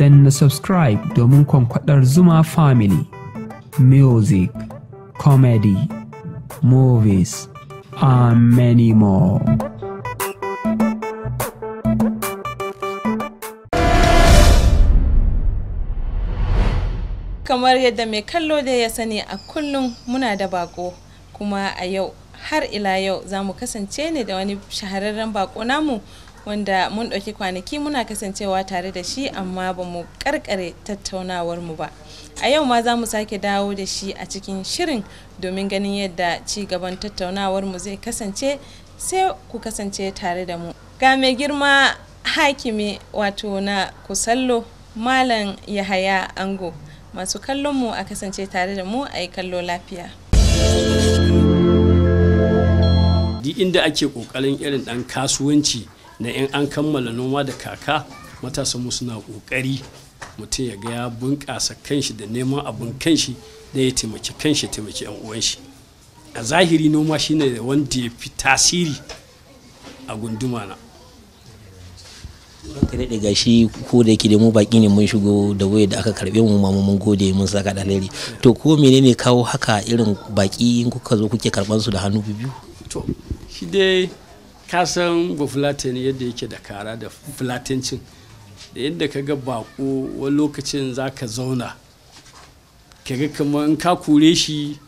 na subscribe domin kwankwadar zuma family music comedy movies and many more kamar yadda mai kallo da ya sani a kullum muna da bako kuma a yau har ila yau za mu kasance ne da wani shahararren bako namu wanda mun ɗauki kwanaki muna kasancewa tare da shi amma ba mu karkare tattaunawar mu ba a yau ma za mu sake dawo da shi a cikin shirin domin ganin yadda ci gaban tattaunawar mu zai kasance sai ku kasance tare da mu ga mai girma hakimi wato na kusallo malam yahaya ango masu kallon mu a kasance tare da mu a yi kallo lafiya duk inda ake kokarin irin dan kasuwanci na in an kammala noma da kaka matasan mu suna kokari mutum ya ga ya bunƙasa kanshi da neman abin kanshi da ya taimaki kanshi taimaki yan uwan shi a zahiri noma shine wanda ya fi tasiri a gunduma na ka daɗe gashi ko da yake da mu baƙi ne mun shigo da waya da aka karɓe mu ma mun gode mun saka da alheri to ko menene kawo haka irin baƙi in kuka zo kuke karɓansu su da hannu biyu to shi dai ka san bafulatin yadda yake da kara da fulatincin da yadda ka ga bako wani lokacin za ka zauna ka ga kamar in ka kure shi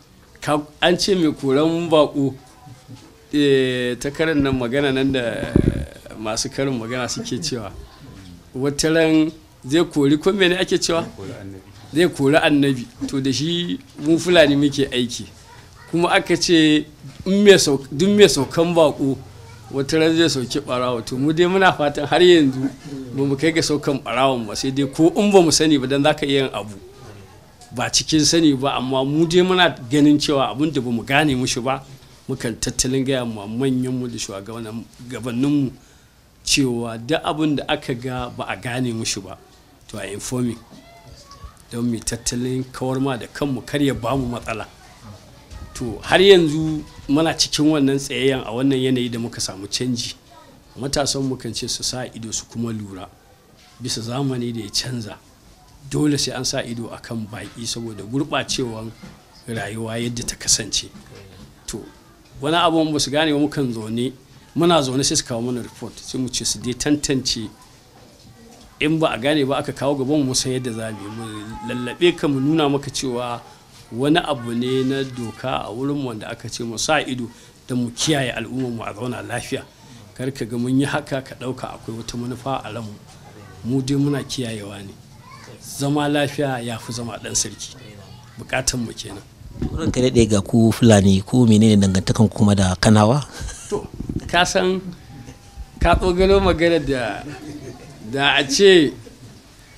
an ce mai koren bako eh, ta karin nan magana nan da masu karin magana suke cewa wata ran zai kori ko ne ake cewa zai kori annabi to da shi mun fulani muke aiki kuma aka ce duk mai saukan baƙo. wata ran zai sauki barawo to mu dai muna fatan har yanzu ba mu kai ga saukan barawon ba sai dai ko in ba mu sani ba dan zaka yin abu ba cikin sani ba amma mu dai muna ganin cewa abin da ba mu gane mushi ba mukan tattalin gaya ma manyan mu da shugabannin mu cewa da abin da aka ga ba a gane mushi ba to a informing don mu tattalin kawar ma da kanmu kar ya ba mu matsala to har yanzu muna cikin wannan tsayayyen a wannan yanayi da muka samu canji matasan mukan ce su sa ido su kuma lura bisa zamani da ya canza dole sai an sa ido akan baki saboda gurɓacewan rayuwa yadda ta kasance to wani abu ba su gane mukan zaune muna zaune sai su kawo mana report sai mu ce su dai tantance in ba a gane ba aka kawo gaban mu san yadda za mu lallabe ka mu nuna maka cewa wani abu ne na doka a wurin wanda aka ce mu sa ido da mu kiyaye al'ummar mu a zauna lafiya kar ka ga mun yi haka ka ɗauka akwai wata manufa a ranmu mu dai muna kiyayewa ne zama lafiya ya fi zama ɗan sarki bukatan mu kenan ka daɗe ga ku fulani ko menene dangantakan kuma da kanawa to ka san ka tsogalo magana da da a ce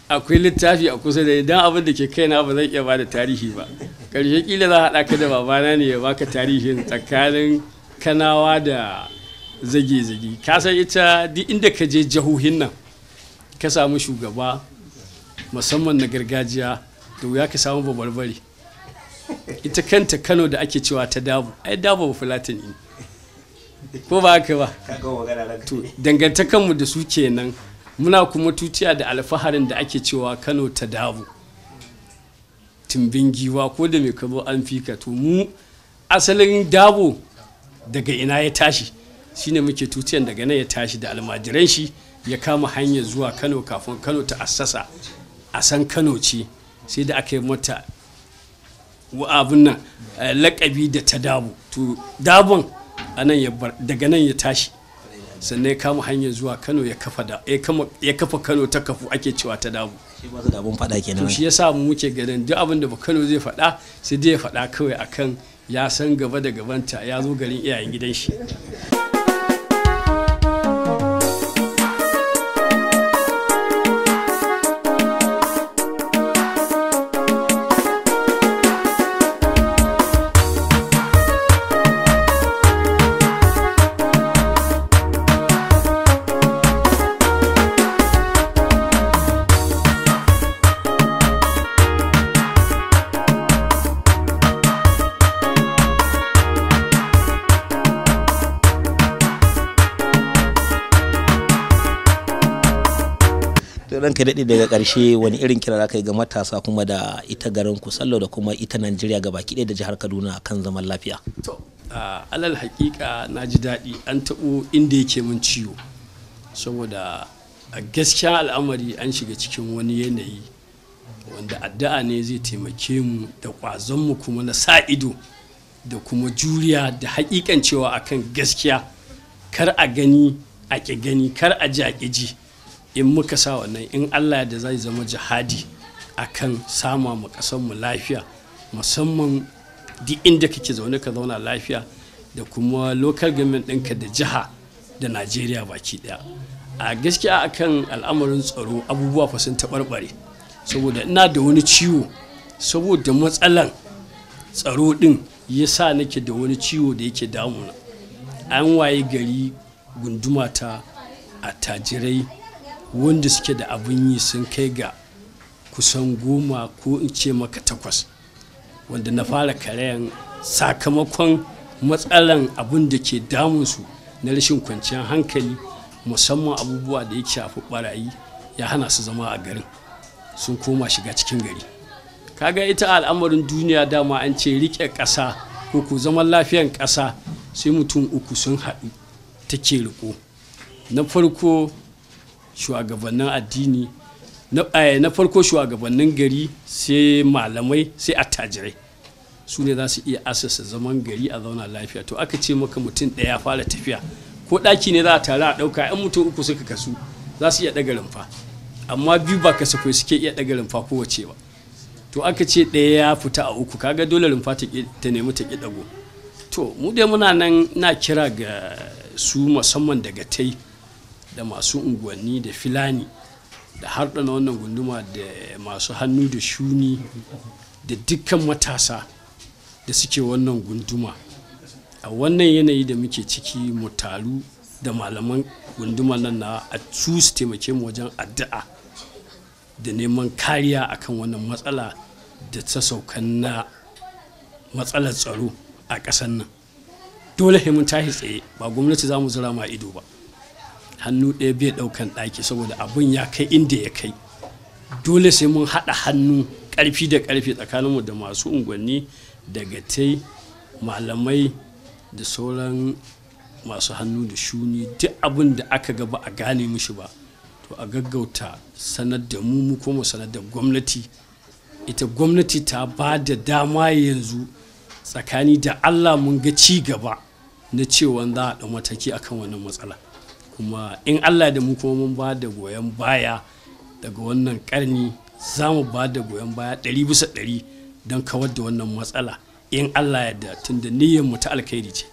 akwai littafi a kusa da idan abin da ke kaina ba zan iya ba da tarihi ba ƙarshe kila za a haɗa ka da babana ne ya baka tarihin tsakanin kanawa da zage-zage ka san ita duk inda ka je jahohin nan ka samu shugaba musamman na gargajiya da wuya ka samu babarbare ita kanta kano da ake cewa ta dabu ai dabu ba ne ko ba haka ba to dangantakanmu da su kenan muna kuma tutiya da alfaharin da ake cewa kano ta dabu. tumbin giwa ko da mai kabo an fika to mu asalin dabo daga ina ya tashi shine muke tutiyan daga nan ya tashi da almajiran shi ya kama hanyar zuwa kano kafin kano ta assasa a san kano ce sai da aka yi mata abin nan eh, lakabi da ta dabo to dabon daga nan ya tashi sannan ya kama hanyar zuwa kano ya kafa kano ta kafu ake cewa ta dabu shi yasa mu muke ganin duk abin da kano zai faɗa sai dai ya faɗa kawai akan ya san gaba da gabanta ya zo garin iyayen gidan shi ranka daɗe daga ƙarshe wani irin kira za ka yi ga matasa kuma da ita garin kusallo da kuma ita najeriya ga baki ɗaya da jihar kaduna kan zaman lafiya to alal haƙiƙa na ji daɗi an taɓo inda yake min ciwo saboda a gaskiya al'amari an shiga cikin wani yanayi wanda addu'a ne zai taimake mu da ƙwazon mu kuma na sa ido da kuma juriya da haƙiƙan cewa akan gaskiya kar a gani a ƙi gani kar a ji a ƙi ji in muka sa wannan in allah ya da zai zama jihadi a kan sama mu mu lafiya musamman duk inda kake zaune ka zauna lafiya da kuma local government ɗinka da jiha da najeriya baki ɗaya a gaskiya a kan al'amarin tsaro abubuwa fa sun taɓarɓare saboda ina da wani ciwo saboda matsalan tsaro ɗin ya sa nake da wani ciwo da yake damuna an waye gari gunduma ta a tajirai wanda suke da abin yi sun kai ga kusan goma ko in ce maka takwas wanda na fara karayan sakamakon matsalan abin da ke damunsu na rashin kwanciyar hankali musamman abubuwa da ya shafi barayi ya hana su zama a garin sun koma shiga cikin gari kaga ita al'amarin duniya dama an ce rike ƙasa ko ku zaman lafiyan ƙasa sai mutum uku sun haɗu take riko na farko shugabannin addini eh, na farko shugabannin gari sai malamai sai attajirai su ne za su iya asasa zaman gari a zauna lafiya to aka ce maka mutum ɗaya fara tafiya ko ɗaki ne za a tare a ɗauka yan mutum uku suka kasu za su iya ɗaga rumfa amma biyu ba kai suke iya ɗaga rumfa kowace ba to aka ce ɗaya ya fita a uku kaga dole rumfa ta nemi ta ƙi ɗago to mu dai muna nan na kira ga su musamman daga tai da masu unguwanni da filani da harɗana wannan gunduma da masu hannu da shuni da dukkan matasa da suke wannan gunduma a wannan yanayi da muke ciki mu taru da malaman gunduma nan na a su su taimake mu wajen addu'a da neman kariya akan wannan matsala da ta saukan na matsalar tsaro a ƙasar nan dole mun tashi tsaye ba gwamnati za mu zira ma ido ba hannu ɗaya bai ɗaukan ɗaki saboda abun ya kai inda ya kai dole sai mun haɗa hannu ƙarfi da ƙarfi tsakaninmu da masu unguwanni dagatai malamai da sauran masu hannu da shuni duk abin da aka gaba a gane mushi ba to a gaggauta sanar da mu mu kuma sanar da gwamnati ita gwamnati ta ba da dama yanzu tsakani da allah mun ga ci gaba na cewa za a ɗan mataki akan wannan matsala kuma in allah da mu kuma mun ba da goyon baya daga wannan karni za mu ba da goyon baya ɗari bisa ɗari don kawar da wannan matsala in allah ya da tun da niyyar mu ta alkhairi ce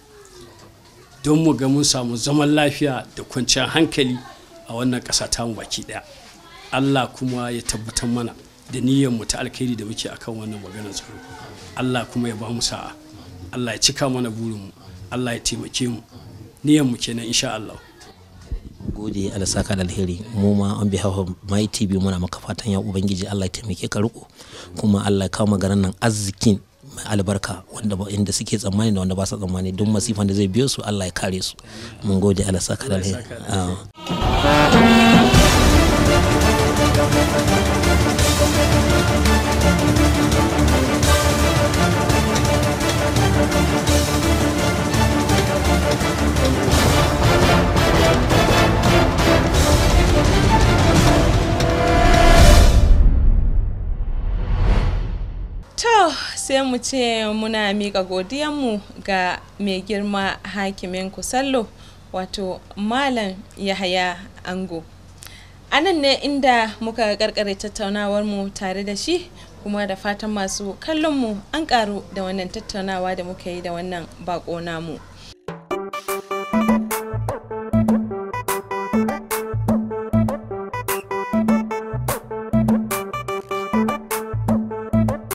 don mu ga mun samu zaman lafiya da kwanciyar hankali a wannan ƙasa ta mu baki ɗaya allah kuma ya tabbatar mana da niyyar mu ta alkhairi da muke akan wannan maganar tsaro allah kuma ya ba mu sa'a allah ya cika mana burin mu allah ya taimake mu niyyar mu kenan insha allah gode Allah saka da alheri mu ma an behalf of my TV muna maka fatan ya ubangiji Allah ya taimake ka riko kuma Allah ya kawo maganar nan arzikin mai albarka wanda inda suke tsammani da wanda ba su tsammani duk masifan da zai biyo su Allah ya kare su mun gode Allah saka da alheri sai mu ce muna miƙa mu ga mai girma hakimin kusallo wato malam yahaya ango a nan ne inda muka karkare mu tare da shi kuma da fatan masu kallon mu an karu da wannan tattaunawa da muka yi da wannan bako namu